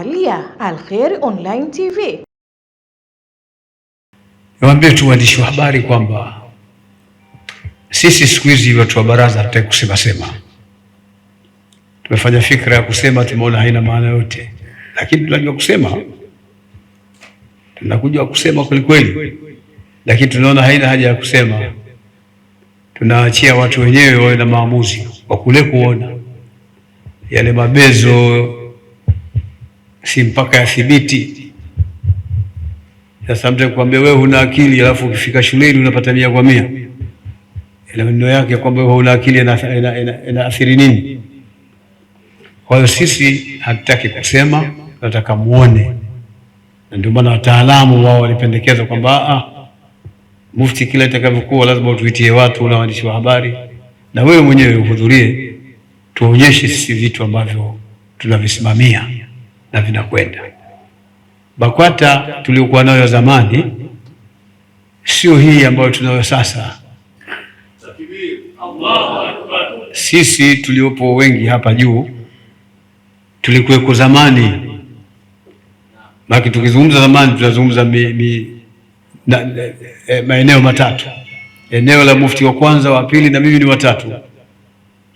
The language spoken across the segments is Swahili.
unaangalia Alkhair Online TV. Niwaambie tu waandishi wa habari kwamba sisi siku hizi watu wa baraza hatutaki kusema sema. Tumefanya fikra ya kusema, tumeona haina maana yote, lakini tunajua kusema, tunakuja kusema kweli kweli, lakini tunaona haina haja ya kusema. Tunaachia watu wenyewe wawe na maamuzi kwa kule kuona yale mabezo si mpaka yathibiti. Sasa mtu akwambia wewe huna akili, alafu ukifika shuleni unapata mia kwa mia, ile maneno yake kwamba wewe huna akili inaathiri nini? Kwa hiyo sisi hatutaki kusema, tunataka muone, na ndio maana wataalamu wao walipendekeza kwamba a ah, ah, mufti kila itakavyokuwa lazima utuitie watu na waandishi wa habari na wewe mwenyewe uhudhurie, tuonyeshe sisi vitu ambavyo tunavisimamia na vinakwenda. BAKWATA tuliokuwa nayo zamani sio hii ambayo tunayo sasa. Sisi tuliopo wengi hapa juu tulikuweko zamani, maki tukizungumza zamani tunazungumza e, maeneo matatu, eneo la mufti wa kwanza, wa pili na mimi ni watatu.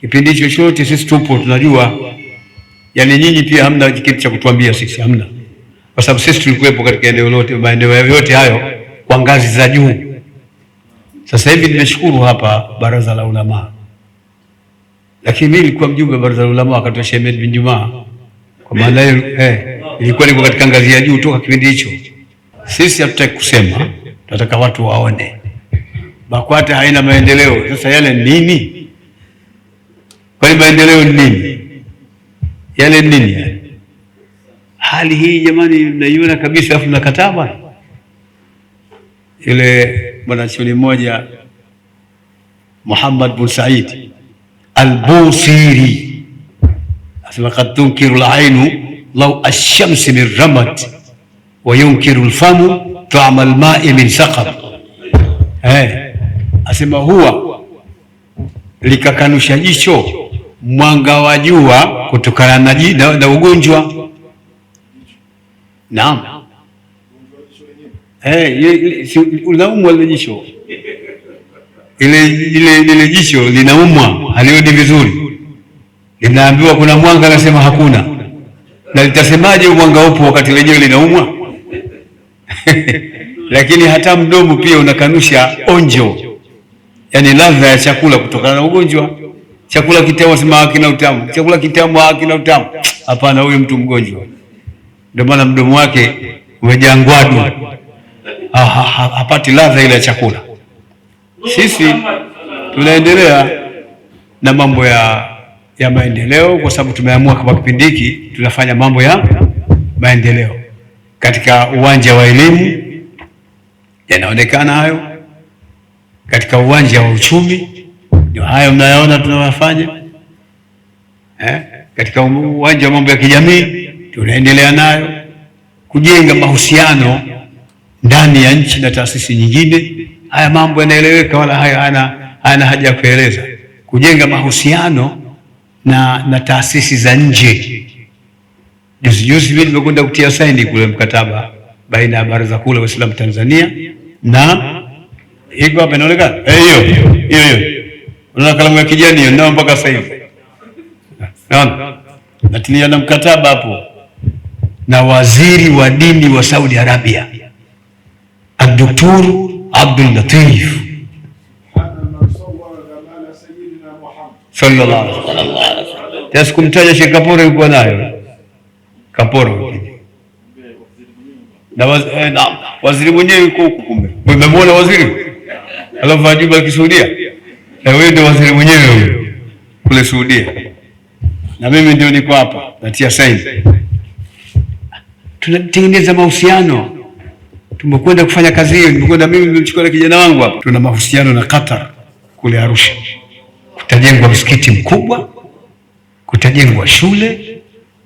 Kipindi chochote sisi tupo tunajua yani nyinyi pia hamna kitu cha kutuambia sisi, hamna, kwa sababu sisi tulikuwepo katika eneo lote, maeneo yote hayo kwa ngazi za juu. Sasa hivi nimeshukuru hapa baraza la ulama, lakini mimi nilikuwa mjumbe wa baraza la ulama wakati wa Shemed bin Juma, kwa maana hiyo eh, nilikuwa niko katika ngazi ya juu toka kipindi hicho. Sisi hatutaki kusema, tunataka watu waone BAKWATA haina maendeleo. Sasa yale nini? Kwani maendeleo ni nini? yale nini? Hali hii jamani, mnaiona kabisa, afu nakataa bwana. Yule bwana chuoni mmoja Muhammad bin Said Al-Busiri asema kad tunkiru lainu lau ashamsi min ramad wa lfamu tama lmai min saqab. Hey, eh, asema huwa likakanusha jicho mwanga wa jua kutokana na, na, na ugonjwa. Naam, eh, unaumwa ile jicho, lile jicho linaumwa, halioni vizuri, linaambiwa kuna mwanga, nasema hakuna, na litasemaje mwanga upo wakati lenyewe linaumwa? Lakini hata mdomo pia unakanusha onjo, yaani ladha ya chakula kutokana na ugonjwa. Chakula kitamu sema hakina utamu, chakula kitamu hakina utamu. Hapana, huyu mtu mgonjwa, ndio maana mdomo wake umejaa ngwadu, hapati ladha ile ya chakula. Sisi tunaendelea na mambo ya, ya maendeleo kwa sababu tumeamua kwa kipindi hiki tunafanya mambo ya maendeleo katika uwanja wa elimu, yanaonekana hayo, katika uwanja wa uchumi ndio hayo mnayoona tunawafanya eh? Katika uwanja wa mambo ya kijamii tunaendelea nayo kujenga mahusiano ndani ya nchi na taasisi nyingine. Haya mambo yanaeleweka, wala hayo hayana haja ya kueleza. Kujenga mahusiano na, na taasisi za nje. Juzi juzi vile nimekwenda kutia saini kule mkataba baina ya Baraza Kuu la Waislamu Tanzania na iko hapa inaonekana eh, hiyo hiyo hiyo Unaona kalamu ya kijani hiyo ndio mpaka sasa hivi. Naona? Natilia na mkataba hapo na waziri wa dini wa Saudi Arabia Abdul Abdul Latif sallallahu alaihi wasallam. Sikumtaja Sheikh Kaporo yuko nayo. Kaporo eh, na waziri mwenyewe yuko huko kumbe. Umemwona waziri? Alafu ajibu akisudia na wewe ndio waziri mwenyewe huyo kule Saudia, na mimi ndio niko hapa natia saini. Tunatengeneza mahusiano, tumekwenda kufanya kazi hiyo, nimekwenda mimi, nimechukua na kijana wangu hapa. Tuna mahusiano na Qatar kule Arusha, kutajengwa msikiti mkubwa, kutajengwa shule,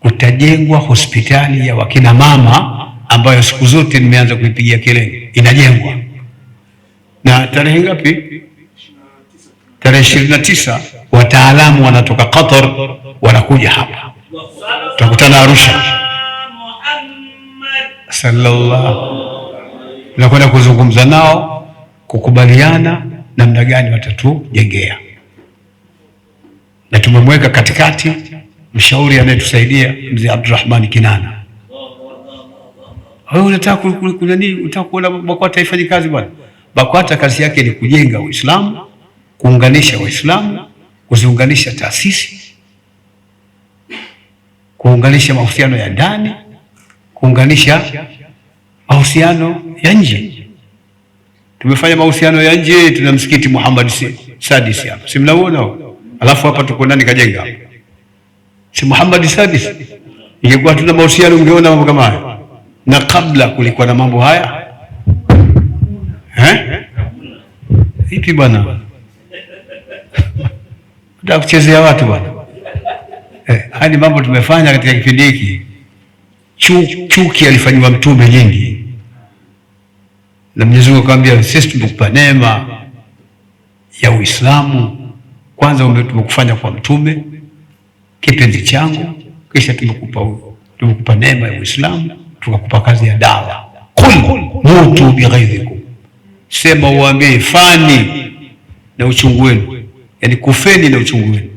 kutajengwa hospitali ya wakina mama ambayo siku zote nimeanza kuipigia kelele, inajengwa na tarehe ngapi? tarehe ishirini na tisa wataalamu wanatoka Qatar wanakuja hapa, tutakutana Arusha sallallahu nakwenda kuzungumza nao kukubaliana namna gani watatujengea, na tumemweka katikati mshauri anayetusaidia mzee Abdurrahmani Kinana. Wewe unataka kuona BAKWATA ifanye kazi bwana? BAKWATA kazi yake ni kujenga Uislamu kuunganisha Waislamu, kuziunganisha taasisi, kuunganisha mahusiano ya ndani, kuunganisha mahusiano ya nje. Tumefanya mahusiano ya nje, tuna msikiti Muhammad Sadis hapa, si mnauona? Alafu hapa tuko ndani kajenga si Muhammad Sadis. Ingekuwa tuna mahusiano, ungeona mambo kama haya, na kabla kulikuwa na mambo haya eh? Ipi bwana Nataka kuchezea watu bwana eh, mambo tumefanya katika kipindi hiki. Chuki, chuki alifanyiwa mtume nyingi, na Mwenyezi Mungu akamwambia sisi tumekupa neema ya Uislamu, kwanza tumekufanya kwa mtume kipenzi changu, kisha tumekupa tumekupa neema ya Uislamu, tukakupa kazi ya dawa. Kul mutu bighaidhikum, sema uambie fani na uchungu wenu yani kufeni na uchungu wenu.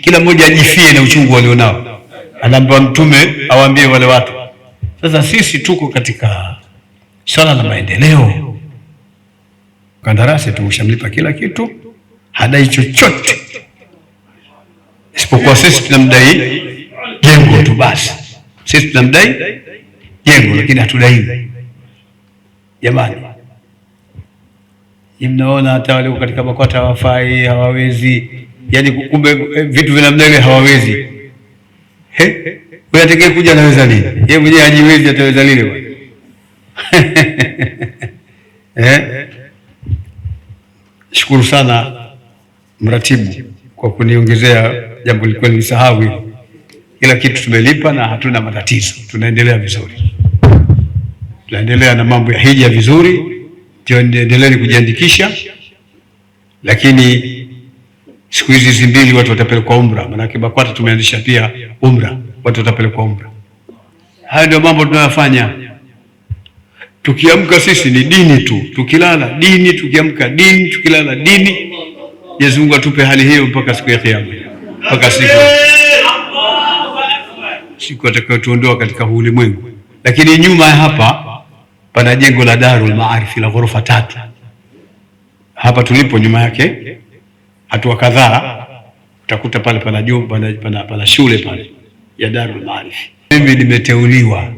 Kila mmoja ajifie na uchungu walionao. Anaambiwa Mtume awaambie wale watu. Sasa sisi tuko katika swala la maendeleo. Kandarasi tumeshamlipa kila kitu, hadai chochote isipokuwa sisi tunamdai jengo tu basi. Sisi tunamdai jengo, lakini hatudai jamani mnaona hata wale katika BAKWATA hawafai, hawawezi, yani kumbe eh, vitu vya namna ile hawawezi. Atakaye kuja anaweza nini? Yeye mwenyewe hajiwezi, ataweza lini bwana? Eh, shukuru sana mratibu kwa kuniongezea jambo lilikuwa nilisahau. Kila kitu tumelipa na hatuna matatizo, tunaendelea vizuri, tunaendelea na mambo ya hija vizuri endeleeni kujiandikisha, lakini siku hizi hizi mbili watu watapelekwa umra, maanake BAKWATA tumeanzisha pia umra, watu watapelekwa umra. Hayo ndio mambo tunayofanya. Tukiamka sisi ni dini tu, tukilala dini, tukiamka dini, tukilala dini. Mwenyezi Mungu atupe hali hiyo mpaka siku ya Kiyama, mpaka siku siku atakayotuondoa katika ulimwengu. Lakini nyuma ya hapa pana jengo la Darul Maarifi la ghorofa tatu hapa tulipo, nyuma yake hatua kadhaa utakuta pale pana jumba pana, pana shule pale ya Darul Maarifi. Mimi nimeteuliwa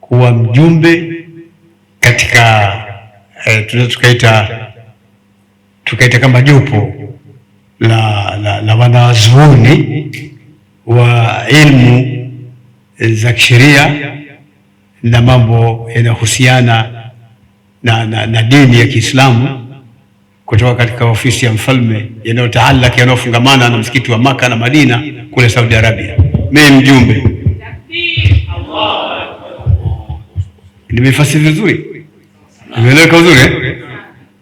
kuwa mjumbe katika eh, tunaweza tukaita tukaita kama jopo la, la, la wanazuoni wa ilmu za kisheria na mambo yanayohusiana na, na, na dini ya Kiislamu kutoka katika ofisi ya mfalme yanayotaalaka yanayofungamana na msikiti wa Maka na Madina kule Saudi Arabia. Mimi mjumbe nimefasiri vizuri, nimeeleweka vizuri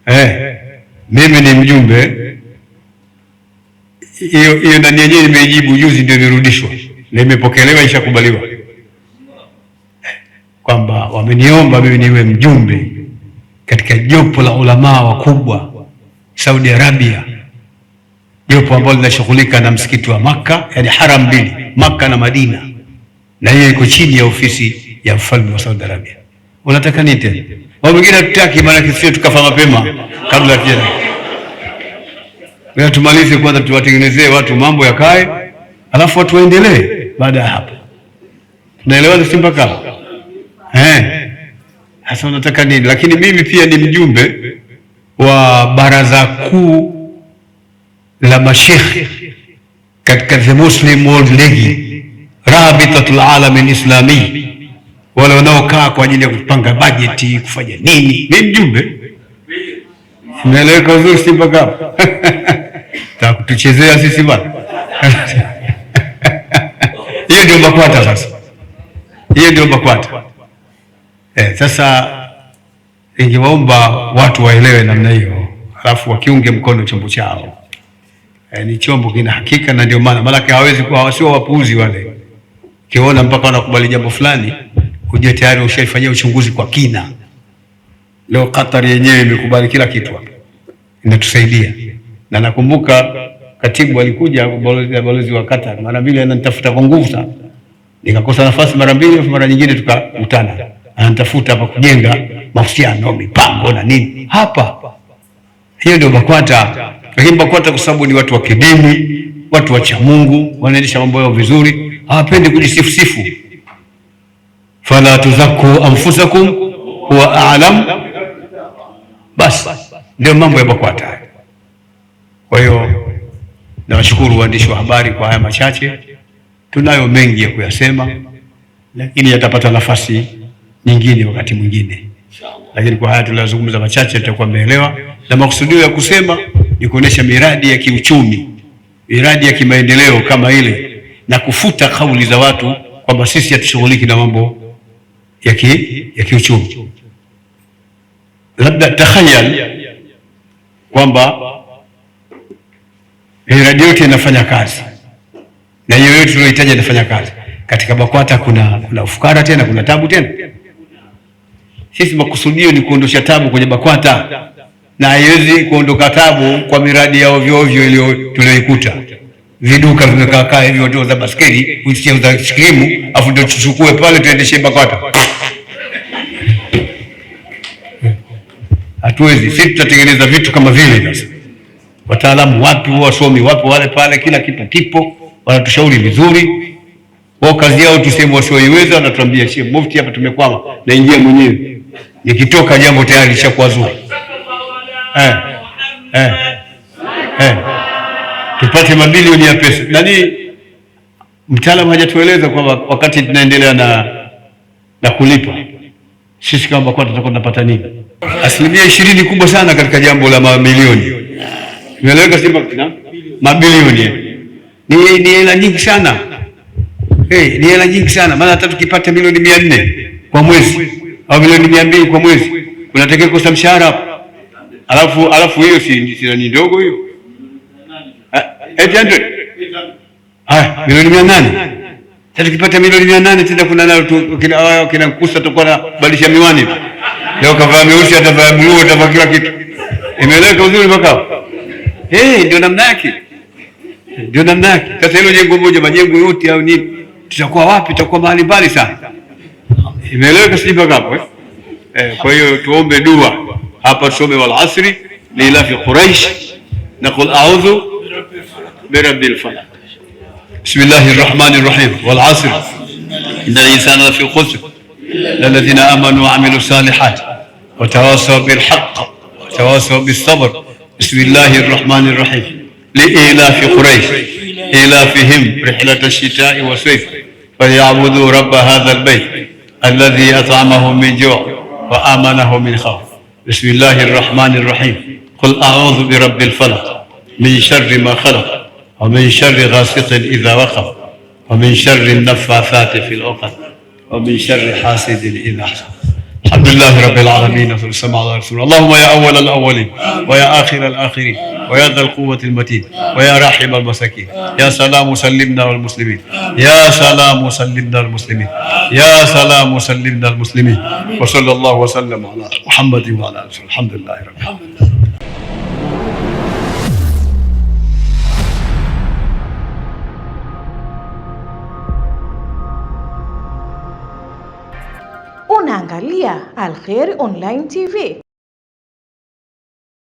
eh? eh? Mimi ni mjumbe hiyo, ndani yenyewe nimeijibu juzi, ndio imerudishwa na imepokelewa, ishakubaliwa kwamba wameniomba mimi niwe mjumbe katika jopo la ulamaa wakubwa Saudi Arabia, jopo ambalo linashughulika na msikiti wa Makka, yani haram mbili, Makka na Madina, na hiyo iko chini ya ofisi ya mfalme wa Saudi Arabia. Unataka nini tena? Wao wengine tutaki, maana sio tukafa mapema kabla ya bila. Tumalize kwanza, tuwatengenezee watu mambo yakae, alafu watu waendelee baada ya hapo. Tunaelewana si mpaka Eh? Sasa unataka nini? Lakini mimi pia ni mjumbe wa baraza kuu la mashekhe katika the Muslim World League Rabitatul Alamin Islami, wale wanaokaa kwa ajili ya kupanga bajeti kufanya nini. Mimi mjumbe, unaeleweka uzuri, si mpaka hapo? Takutuchezea sisi bwana hiyo ndio BAKWATA sasa, hiyo ndio BAKWATA. Eh, sasa ningewaomba watu waelewe namna hiyo, alafu wakiunge mkono chombo chao. Eh, ni chombo kina hakika, na ndio maana maanake hawezi kuwa wasio wapuuzi wale, kiona mpaka wanakubali jambo fulani, hujue tayari ushaifanyia uchunguzi kwa kina. Leo Qatar yenyewe imekubali kila kitu hapa, inatusaidia na nakumbuka katibu alikuja balozi, balozi wa Qatar mara mbili ananitafuta kwa nguvu sana, nikakosa nafasi mara mbili, mara nyingine tukakutana anatafuta hapa kujenga mahusiano, mipango na nini hapa. Hiyo ndio BAKWATA. Lakini BAKWATA kwa sababu ni watu wa kidini, watu wa cha Mungu, wanaendesha mambo yao vizuri, hawapendi kujisifusifu. Fala tuzakku anfusakum huwa a'lam. Basi ndio mambo ya BAKWATA. Kwa hiyo nawashukuru waandishi wa habari kwa haya machache. Tunayo mengi ya kuyasema, lakini yatapata nafasi nyingine wakati mwingine, lakini kwa haya tulazungumza machache, tutakuwa meelewa Na makusudio ya kusema ni kuonesha miradi ya kiuchumi, miradi ya kimaendeleo kama ile, na kufuta kauli za watu kwamba sisi hatushughuliki na mambo ya ki, ya kiuchumi. Labda takhayal kwamba miradi yote inafanya kazi na hiyo yote tunayohitaji inafanya kazi. Katika BAKWATA kuna kuna ufukara tena, kuna tabu tena sisi makusudio ni kuondosha tabu kwenye BAKWATA na haiwezi kuondoka tabu kwa miradi ya ovyo ovyo iliyo tuliyoikuta. Viduka vimekaa kaa hivi, watu za baskeli za skrimu afu ndio tuchukue pale tuendeshe BAKWATA. Hatuwezi sisi, tutatengeneza vitu kama vile. Sasa wataalamu wapi, wasomi wapi, wale pale, kila kitu kipo, wanatushauri vizuri wao. Kazi yao tuseme wasioiweza, wanatuambia shie mufti, hapa tumekwama, naingia mwenyewe Ikitoka jambo tayari lishakuwa zuri eh, eh, eh. Tupate mabilioni ya pesa. Nani mtaalamu hajatueleza kwamba wakati tunaendelea na, na kulipa sisi kama BAKWATA tutakuwa tunapata nini? Asilimia ishirini kubwa sana katika jambo la mamilioni, imeeleweka mabilioni ni ni hela nyingi sana hey, ni hela nyingi sana maana hata tukipata milioni mia nne kwa mwezi au milioni mia mbili kwa mwezi, unatakiwa kukosa mshahara hapo. alafu alafu hiyo si ni ndogo hiyo? Ah, Haya, milioni mia nane sasa tukipata milioni mia nane tenda kuna nalo kinakusa, tutakuwa na badilisha miwani leo, kavaa meusi, atavaa bluu, atavaa kila kitu. Imeeleweka uzuri mpaka eh? Ndio namna yake, ndio namna yake. Sasa hilo jengo moja, majengo yote au nini, tutakuwa wapi? Tutakuwa mahali mbali sana. Imeeleweka sijui mpaka hapo eh? Eh, kwa hiyo tuombe dua hapa, tusome wal asri lilafi Quraish na qul a'udhu birabbil falaq. Bismillahir rahmanir rahim. Wal asri innal insana lafi khusr alladhina amanu wa amilu salihat wa tawasaw bil haqq wa tawasaw bis sabr. Bismillahir rahmanir rahim. Lilafi Quraish ilafihim rihlatash shita'i was sayf falyabudu rabb hadha al bayt الذي أطعمه من جوع وآمنه من خوف بسم الله الرحمن الرحيم قل أعوذ برب الفلق من شر ما خلق ومن شر غاسق إذا وقف ومن شر النفاثات في العقد ومن شر حاسد إذا حسد الحمد لله رب العالمين سمع الله رسول الله اللهم يا أول الأولين ويا آخر الآخرين ويا ذا القوة المتين ويا راحم المساكين يا سلام سلمنا والمسلمين يا سلام سلمنا المسلمين يا سلام سلمنا المسلمين وصلى الله وسلم على محمد وعلى آله الحمد لله رب العالمين Unaangalia Alkhair Online TV.